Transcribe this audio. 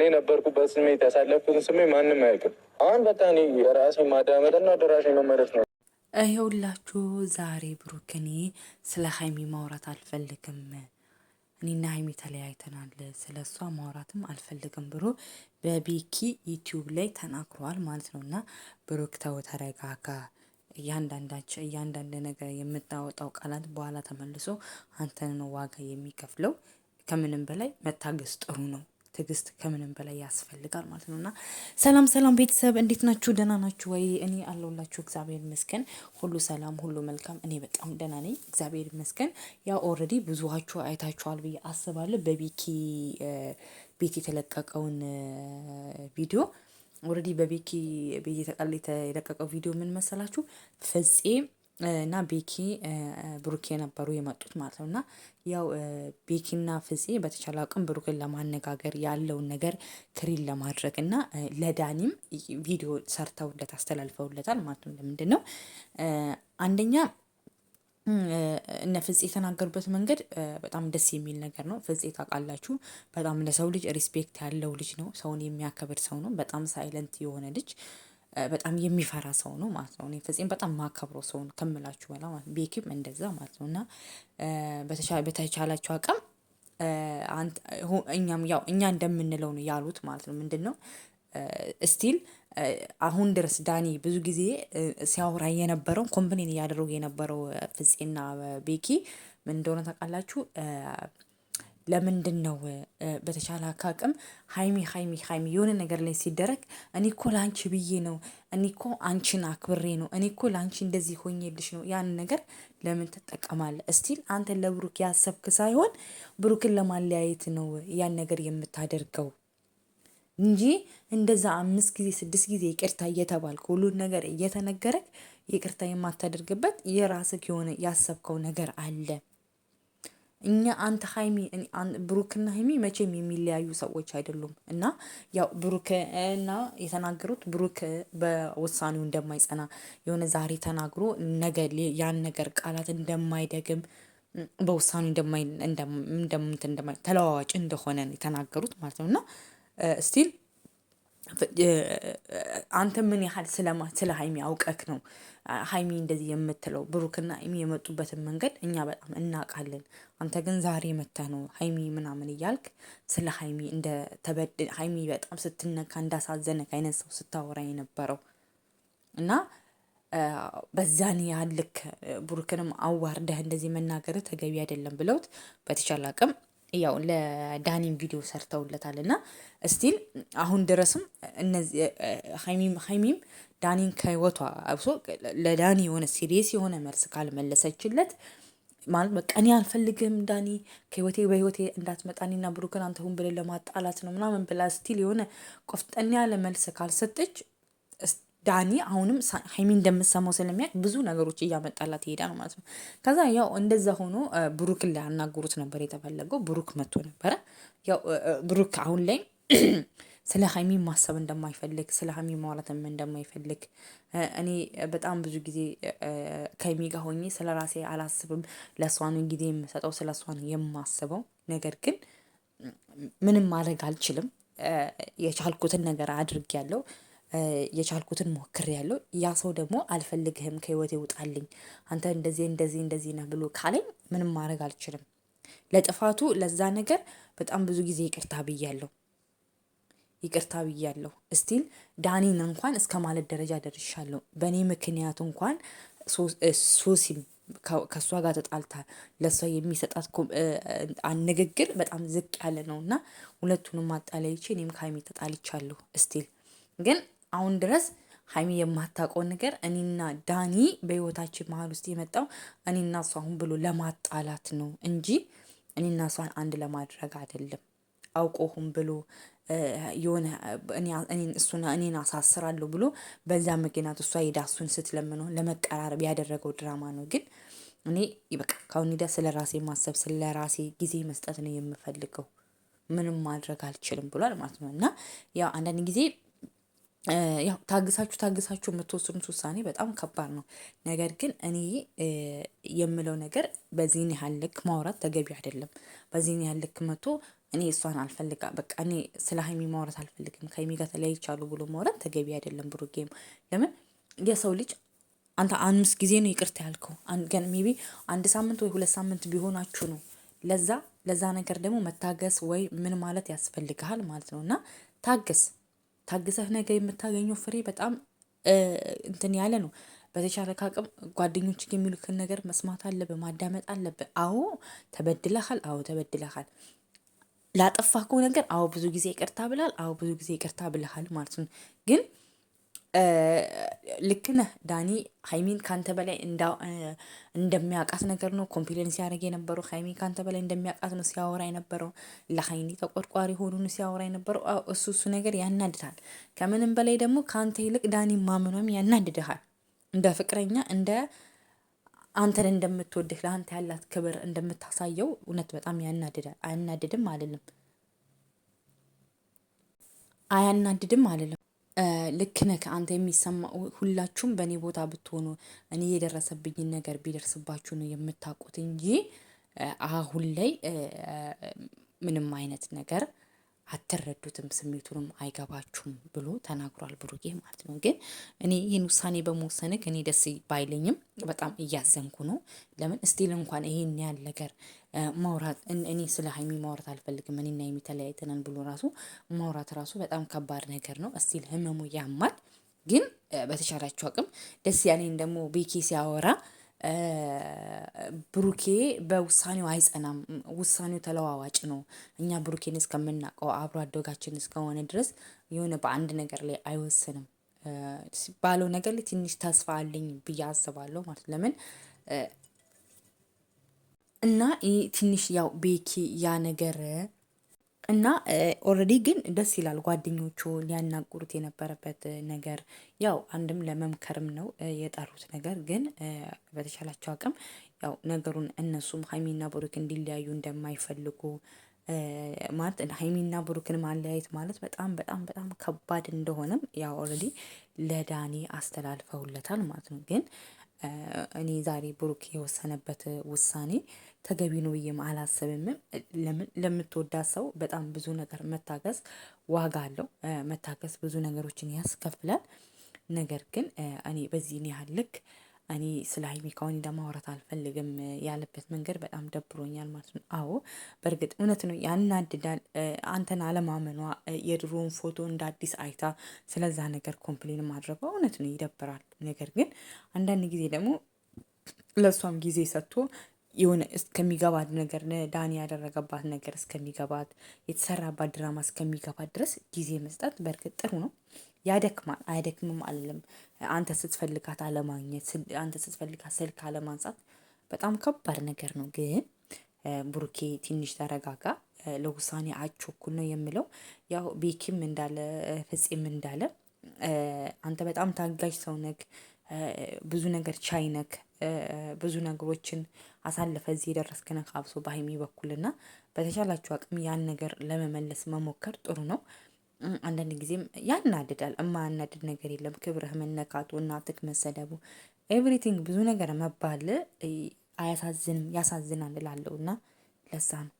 እኔ ነበርኩበት ስሜት ያሳለፍኩትን ስሜ ማንም አያውቅም። አሁን በቃ እኔ የራሴ ማዳመጥና አደራሽ መመለስ ነው። ይኸውላችሁ ዛሬ ብሩክ እኔ ስለ ሀይሚ ማውራት አልፈልግም። እኔና ሀይሚ ተለያይተናል። ስለ እሷ ማውራትም አልፈልግም ብሎ በቤኪ ዩቲዩብ ላይ ተናግሯል ማለት ነው። እና ብሩክ ተው ተረጋጋ። እያንዳንዳቸው እያንዳንድ ነገር የምታወጣው ቃላት በኋላ ተመልሶ አንተን ነው ዋጋ የሚከፍለው። ከምንም በላይ መታገስ ጥሩ ነው። ትዕግስት ከምንም በላይ ያስፈልጋል ማለት ነው። እና ሰላም ሰላም ቤተሰብ እንዴት ናችሁ? ደህና ናችሁ ወይ? እኔ አለሁላችሁ እግዚአብሔር ይመስገን፣ ሁሉ ሰላም፣ ሁሉ መልካም። እኔ በጣም ደህና ነኝ እግዚአብሔር ይመስገን። ያው ኦልሬዲ ብዙኋችሁ አይታችኋል ብዬ አስባለሁ በቤኪ ቤት የተለቀቀውን ቪዲዮ ኦልሬዲ በቤኪ ቤት የተለቀቀው ቪዲዮ ምን መሰላችሁ ፍፄ እና ቤኪ ብሩኬ ነበሩ የመጡት ማለት ነው። እና ያው ቤኪና ፍፄ በተቻለ አቅም ብሩክን ለማነጋገር ያለውን ነገር ክሪን ለማድረግ እና ለዳኒም ቪዲዮ ሰርተውለት አስተላልፈውለታል ማለት ነው። ለምንድን ነው አንደኛ እነ ፍጽ የተናገሩበት መንገድ በጣም ደስ የሚል ነገር ነው። ፍጽ ታውቃላችሁ፣ በጣም ለሰው ልጅ ሪስፔክት ያለው ልጅ ነው። ሰውን የሚያከብር ሰው ነው። በጣም ሳይለንት የሆነ ልጅ በጣም የሚፈራ ሰው ነው ማለት ነው። እኔ ፍፄን በጣም ማከብሮ ሰው ከምላችሁ በላ ማለት ቤኪም እንደዛ ማለት ነው። እና በተቻላቸው አቅም እኛም ያው እኛ እንደምንለው ነው ያሉት ማለት ነው። ምንድን ነው ስቲል አሁን ድረስ ዳኒ ብዙ ጊዜ ሲያወራ የነበረው ኮምፕሌን እያደረጉ የነበረው ፍፄና ቤኪ ምን እንደሆነ ታውቃላችሁ? ለምንድን ነው በተቻለ አካቅም ሀይሚ ሀይሚ ሀይሚ የሆነ ነገር ላይ ሲደረግ እኔ እኮ ለአንቺ ብዬ ነው፣ እኔ እኮ አንቺን አክብሬ ነው፣ እኔ እኮ ለአንቺ እንደዚህ ሆኜልሽ ነው። ያን ነገር ለምን ትጠቀማለህ? እስቲል አንተ ለብሩክ ያሰብክ ሳይሆን ብሩክን ለማለያየት ነው ያን ነገር የምታደርገው እንጂ እንደዛ አምስት ጊዜ ስድስት ጊዜ ይቅርታ እየተባልክ ሁሉን ነገር እየተነገረክ ይቅርታ የማታደርግበት የራስህ የሆነ ያሰብከው ነገር አለ። እኛ አንተ ሀይሚ ብሩክና ሀይሚ መቼም የሚለያዩ ሰዎች አይደሉም። እና ያው ብሩክ እና የተናገሩት ብሩክ በውሳኔው እንደማይጸና የሆነ ዛሬ ተናግሮ ነገ ያን ነገር ቃላት እንደማይደግም በውሳኔ እንደማይ ተለዋዋጭ እንደሆነ የተናገሩት ማለት ነው እና ስቲል አንተ ምን ያህል ስለ ሀይሚ አውቀክ ነው ሀይሚ እንደዚህ የምትለው? ብሩክና ሀይሚ የመጡበትን መንገድ እኛ በጣም እናውቃለን። አንተ ግን ዛሬ መታ ነው ሀይሚ ምናምን እያልክ ስለ ሀይሚ እንደ ተበድ ሀይሚ በጣም ስትነካ እንዳሳዘነክ አይነት ሰው ስታወራ የነበረው እና በዛን ያህል ልክ ብሩክንም አዋርደህ እንደዚህ መናገር ተገቢ አይደለም ብለውት በተቻለ አቅም ያው ለዳኒም ቪዲዮ ሰርተውለታል እና እስቲል አሁን ድረስም ሀይሚም ዳኒን ከህይወቷ አብሶ ለዳኒ የሆነ ሲሪየስ የሆነ መልስ ካልመለሰችለት ማለት በቃ እኔ አልፈልግም ዳኒ ከህይወቴ በህይወቴ እንዳትመጣኒና ብሩክን አንተ ሁን ብለን ለማጣላት ነው ምናምን ብላ ስቲል የሆነ ቆፍጠን ያለ መልስ ካልሰጠች ዳኒ አሁንም ሀይሚ እንደምሰማው ስለሚያውቅ ብዙ ነገሮች እያመጣላት ይሄዳል ማለት ነው። ከዛ ያው እንደዛ ሆኖ ብሩክን ሊያናግሩት ነበር የተፈለገው። ብሩክ መጥቶ ነበረ። ያው ብሩክ አሁን ላይ ስለ ሀይሚ ማሰብ እንደማይፈልግ ስለ ሀይሚ ማውራትም እንደማይፈልግ እኔ በጣም ብዙ ጊዜ ከሀይሚ ጋር ሆኜ ስለ ራሴ አላስብም፣ ለእሷን ጊዜ የምሰጠው ስለ ነው የማስበው ነገር ግን ምንም ማድረግ አልችልም፣ የቻልኩትን ነገር አድርጌያለሁ የቻልኩትን ሞክር ያለው ያ ሰው ደግሞ አልፈልግህም፣ ከህይወቴ ውጣልኝ፣ አንተ እንደዚህ እንደዚህ እንደዚህ ነህ ብሎ ካለኝ ምንም ማድረግ አልችልም። ለጥፋቱ ለዛ ነገር በጣም ብዙ ጊዜ ይቅርታ ብያለሁ፣ ይቅርታ ብያለሁ። እስቲል ዳኒን እንኳን እስከ ማለት ደረጃ ደርሻለሁ። በእኔ ምክንያቱ እንኳን ሶሲም ከእሷ ጋር ተጣልታ ለእሷ የሚሰጣት ንግግር በጣም ዝቅ ያለ ነው እና ሁለቱንም አጣለይቼ እኔም ከሀይሚ ተጣልቻለሁ። እስቲል ግን አሁን ድረስ ሀይሚ የማታውቀው ነገር እኔና ዳኒ በህይወታችን መሀል ውስጥ የመጣው እኔና እሷ አሁን ብሎ ለማጣላት ነው እንጂ እኔና እሷን አንድ ለማድረግ አይደለም። አውቆሁም ብሎ የሆነ እኔን አሳስራለሁ ብሎ በዛ ምክንያት እሷ ሄዳ እሱን ስትለምነው ለመቀራረብ ያደረገው ድራማ ነው። ግን እኔ በቃ ከአሁን ሄዳ ስለ ራሴ ማሰብ ስለ ራሴ ጊዜ መስጠት ነው የምፈልገው። ምንም ማድረግ አልችልም ብሏል ማለት ነው እና ያው አንዳንድ ጊዜ ያው ታግሳችሁ ታግሳችሁ የምትወስኑት ውሳኔ በጣም ከባድ ነው። ነገር ግን እኔ የምለው ነገር በዚህን ያህል ልክ ማውራት ተገቢ አይደለም። በዚህን ያህል ልክ መቶ እኔ እሷን አልፈልጋ በቃ እኔ ስለ ሀይሚ ማውራት አልፈልግም ከሀይሚ ጋር ተለያይቻለሁ ብሎ ማውራት ተገቢ አይደለም። ብሩኬም ለምን የሰው ልጅ አንተ አምስት ጊዜ ነው ይቅርታ ያልከው ገን ሜቢ አንድ ሳምንት ወይ ሁለት ሳምንት ቢሆናችሁ ነው ለዛ ለዛ ነገር ደግሞ መታገስ ወይ ምን ማለት ያስፈልግሃል ማለት ነው እና ታግስ ታግሰህ ነገ የምታገኘው ፍሬ በጣም እንትን ያለ ነው። በተቻለ ካቅም ጓደኞች የሚሉክን ነገር መስማት አለብህ፣ ማዳመጥ አለብህ። አዎ ተበድለሃል፣ አዎ ተበድለሃል። ላጠፋከው ነገር አዎ ብዙ ጊዜ ይቅርታ ብላል፣ አዎ ብዙ ጊዜ ይቅርታ ብልሃል ማለት ነው ግን ልክ ነህ ዳኒ። ሀይሚን ካንተ በላይ እንደሚያውቃት ነገር ነው ኮንፊደንስ ያደረግ የነበረው። ሀይሚን ካንተ በላይ እንደሚያውቃት ነው ሲያወራ የነበረው። ለሀይኒ ተቆርቋሪ ሆኖ ሲያወራ የነበረው። እሱ እሱ ነገር ያናድዳል። ከምንም በላይ ደግሞ ከአንተ ይልቅ ዳኒ ማምኗም ያናድድሃል። እንደ ፍቅረኛ እንደ አንተን እንደምትወድህ ለአንተ ያላት ክብር እንደምታሳየው እውነት በጣም ያናድዳል። አያናድድም አልልም፣ አያናድድም አልልም። ልክ ነህ አንተ የሚሰማ ሁላችሁም በእኔ ቦታ ብትሆኑ እኔ የደረሰብኝን ነገር ቢደርስባችሁ ነው የምታውቁት እንጂ አሁን ላይ ምንም አይነት ነገር አትረዱትም፣ ስሜቱንም አይገባችሁም ብሎ ተናግሯል ብሩኬ ማለት ነው። ግን እኔ ይህን ውሳኔ በመወሰንህ እኔ ደስ ባይለኝም በጣም እያዘንኩ ነው። ለምን እስቲል እንኳን ይሄን ያህል ነገር ማውራት እኔ ስለ ሀይሚ ማውራት አልፈልግም እኔና ሀይሚ ተለያይተናል ብሎ ራሱ ማውራት ራሱ በጣም ከባድ ነገር ነው። እስቲል ህመሙ ያማል። ግን በተቻላችሁ አቅም ደስ ያኔን ደግሞ ቤኬ ሲያወራ ብሩኬ በውሳኔው አይጸናም። ውሳኔው ተለዋዋጭ ነው። እኛ ብሩኬን እስከምናውቀው አብሮ አደጋችን እስከሆነ ድረስ የሆነ በአንድ ነገር ላይ አይወስንም። ባለው ነገር ላይ ትንሽ ተስፋ አለኝ ብዬ አስባለሁ። ማለት ለምን እና ትንሽ ያው ቤኪ ያ ነገር እና ኦልሬዲ ግን ደስ ይላል። ጓደኞቹ ሊያናግሩት የነበረበት ነገር ያው አንድም ለመምከርም ነው የጠሩት ነገር ግን በተቻላቸው አቅም ያው ነገሩን እነሱም ሀይሚና ብሩክ እንዲለያዩ እንደማይፈልጉ ማለት ሀይሚና ብሩክን ማለያየት ማለት በጣም በጣም በጣም ከባድ እንደሆነም ያው ኦልሬዲ ለዳኒ አስተላልፈውለታል ማለት ነው ግን እኔ ዛሬ ብሩክ የወሰነበት ውሳኔ ተገቢ ነው ብዬም አላስብምም። ለምን ለምትወዳ ሰው በጣም ብዙ ነገር መታገስ ዋጋ አለው። መታገስ ብዙ ነገሮችን ያስከፍላል። ነገር ግን እኔ በዚህ ያህል ልክ እኔ ስለ ሀይሚ ከአሁን ለማውራት አልፈልግም ያለበት መንገድ በጣም ደብሮኛል ማለት ነው። አዎ በእርግጥ እውነት ነው ያናድዳል። አንተን አለማመኗ የድሮውን ፎቶ እንደ አዲስ አይታ ስለዛ ነገር ኮምፕሌን ማድረጓ እውነት ነው ይደብራል። ነገር ግን አንዳንድ ጊዜ ደግሞ ለእሷም ጊዜ ሰጥቶ የሆነ እስከሚገባት ነገር ዳኒ ያደረገባት ነገር እስከሚገባት የተሰራባት ድራማ እስከሚገባት ድረስ ጊዜ መስጠት በእርግጥ ጥሩ ነው። ያደክማል። አይደክምም አለም አንተ ስትፈልጋት አለማግኘት አንተ ስትፈልጋት ስልክ አለማንሳት በጣም ከባድ ነገር ነው። ግን ብሩኬ ትንሽ ተረጋጋ፣ ለውሳኔ አቾኩል ነው የምለው። ያው ቤኪም እንዳለ ፍፄም እንዳለ አንተ በጣም ታጋጅ ሰው ነክ ብዙ ነገር ቻይ ብዙ ነገሮችን አሳልፈ እዚህ የደረስክነ አብሶ በሀይሚ በኩልና በተቻላችሁ አቅም ያን ነገር ለመመለስ መሞከር ጥሩ ነው። አንዳንድ ጊዜም ያናድዳል። እማያናድድ ነገር የለም። ክብርህ መነካቱ፣ እናትህ መሰደቡ፣ ኤቭሪቲንግ ብዙ ነገር መባል አያሳዝንም? ያሳዝናል እላለሁ እና ለዛ ነው።